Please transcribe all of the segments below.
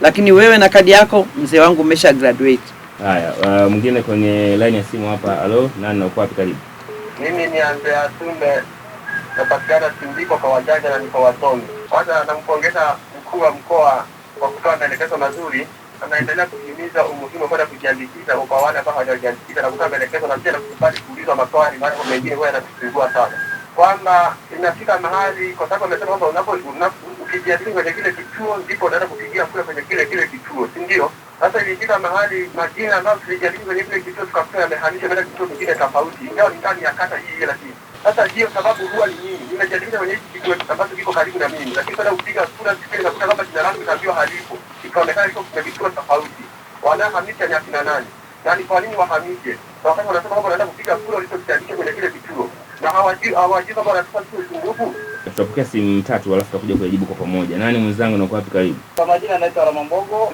lakini wewe na kadi yako mzee wangu umesha graduate. Haya, uh, mwingine kwenye line ya simu hapa. Halo, nani na uko wapi? Karibu. Mimi ni Andrea Tumbe, napatikana Tindiko kwa wajaja na niko wasomi. Kwanza nampongeza mkuu wa mkoa kwa kutoa maelekezo mazuri, anaendelea kuhimiza umuhimu wa kwenda kujiandikisha kwa wale ambao hawajajiandikisha na kutoa maelekezo na pia nakukubali kuulizwa maswali, maana mengine huwa yanatusumbua sana, kwamba inafika mahali kwa sababu amesema kwamba unapo ukijiajiri kwenye kile kituo ndipo unaenda kupigia kura kwenye kile kile kituo, si ndio? Sasa ilifika mahali majina ambayo tulijiajiri kwenye kile kituo tukakuta yamehamisha kwenda kituo kingine tofauti, ingawa ni ndani ya kata hii, lakini sasa hiyo sababu huwa ni nini? Nimejiandikisha kwenye hiki kituo ambacho kiko karibu na mimi, lakini kwenda kupiga kura siku nakuta kwamba jina langu nikaambiwa halipo, ikaonekana iko kwenye vituo tofauti. Wanahamisha ni akina nani na ni kwa nini wahamishe? Wakati wanasema kwamba wanaenda kupiga kura ulichojiandikisha kwenye kile kituo, na hawajui hawajui kwamba wanatupa kituo nguvu tutapokea simu tatu alafu tutakuja kuyajibu kwa pamoja. Nani mwenzangu, nakuwa wapi? Karibu. Kwa majina anaitwa Rama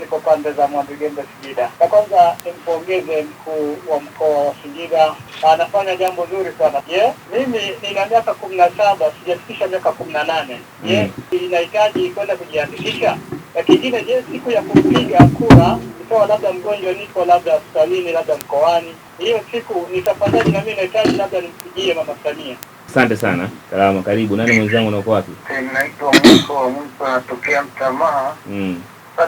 niko pande za Mwandigembe, Singida. Kwa kwanza nimpongeze mkuu wa mkoa wa Singida, anafanya jambo zuri sana. Je, mimi nina miaka kumi na saba sijafikisha miaka kumi na nane Je, mm. inahitaji kwenda kujiandikisha? Na kingine, je, siku ya kupiga kura ikawa labda mgonjwa niko labda hospitalini labda mkoani, hiyo siku nitafanyaje? Nami nahitaji labda nimpigie mama Samia. Asante sana salama karibu. Nani mwenzangu, unako wapi? Eh, naitwa Mwiko, Mwiko anatokea mtamaa Mm.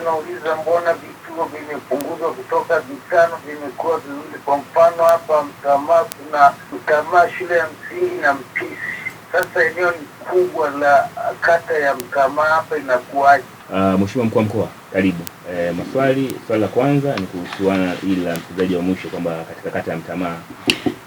Nauliza, mbona vituo vimepunguzwa kutoka vitano vimekuwa vizuri? Kwa mfano hapa Mtamaa kuna mtamaa shule ya msingi na Mpisi. Sasa eneo ni kubwa la kata ya Mtamaa, hapa inakuwaje? Uh, Mheshimiwa mkuu wa mkoa karibu. E, maswali swali la kwanza ni kuhusiana ili la msikilizaji wa mwisho kwamba katika kata ya ni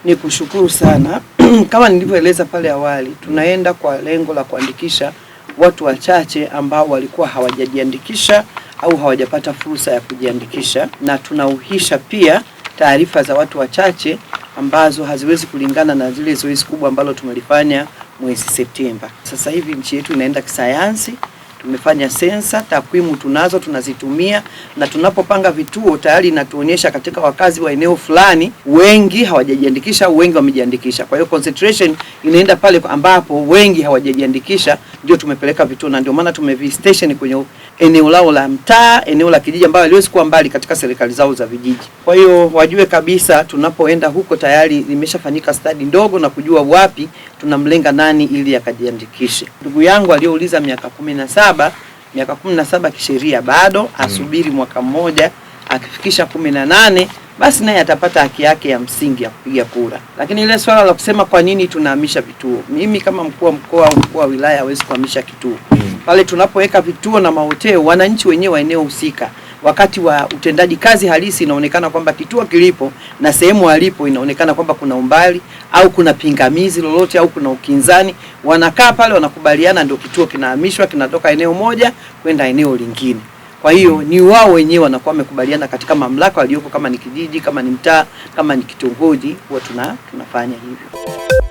Nikushukuru sana kama nilivyoeleza pale awali, tunaenda kwa lengo la kuandikisha watu wachache ambao walikuwa hawajajiandikisha au hawajapata fursa ya kujiandikisha, na tunauhisha pia taarifa za watu wachache ambazo haziwezi kulingana na zile zoezi kubwa ambalo tumelifanya mwezi Septemba. Sasa hivi nchi yetu inaenda kisayansi. Tumefanya sensa, takwimu tunazo, tunazitumia na tunapopanga vituo tayari inatuonyesha katika wakazi wa eneo fulani wengi hawajajiandikisha, wengi wamejiandikisha. Kwa hiyo concentration inaenda pale ambapo wengi hawajajiandikisha ndio tumepeleka vituo na ndio maana tumevistation kwenye eneo lao la mtaa, eneo la kijiji, ambayo haliwezi kuwa mbali katika serikali zao za vijiji. Kwa hiyo wajue kabisa tunapoenda huko tayari limeshafanyika stadi ndogo na kujua wapi tunamlenga nani ili akajiandikishe. Ndugu yangu aliyouliza miaka kumi na saba, miaka kumi na saba kisheria bado mm. asubiri mwaka mmoja akifikisha kumi na nane basi naye atapata haki yake ya msingi ya kupiga kura. Lakini ile swala la kusema kwa nini tunahamisha vituo, mimi kama mkuu wa mkoa au mkuu wa wilaya hawezi kuhamisha kituo hmm. pale tunapoweka vituo na mahoteli, wananchi wenyewe wa eneo husika, wakati wa utendaji kazi halisi inaonekana kwamba kituo kilipo na sehemu alipo inaonekana kwamba kuna umbali au kuna pingamizi lolote au kuna ukinzani, wanakaa pale wanakubaliana, ndio kituo kinahamishwa, kinatoka eneo moja kwenda eneo lingine. Kwa hiyo ni wao wenyewe wanakuwa wamekubaliana katika mamlaka walioko, kama ni kijiji, kama ni mtaa, kama ni kitongoji, huwa tuna tunafanya hivyo.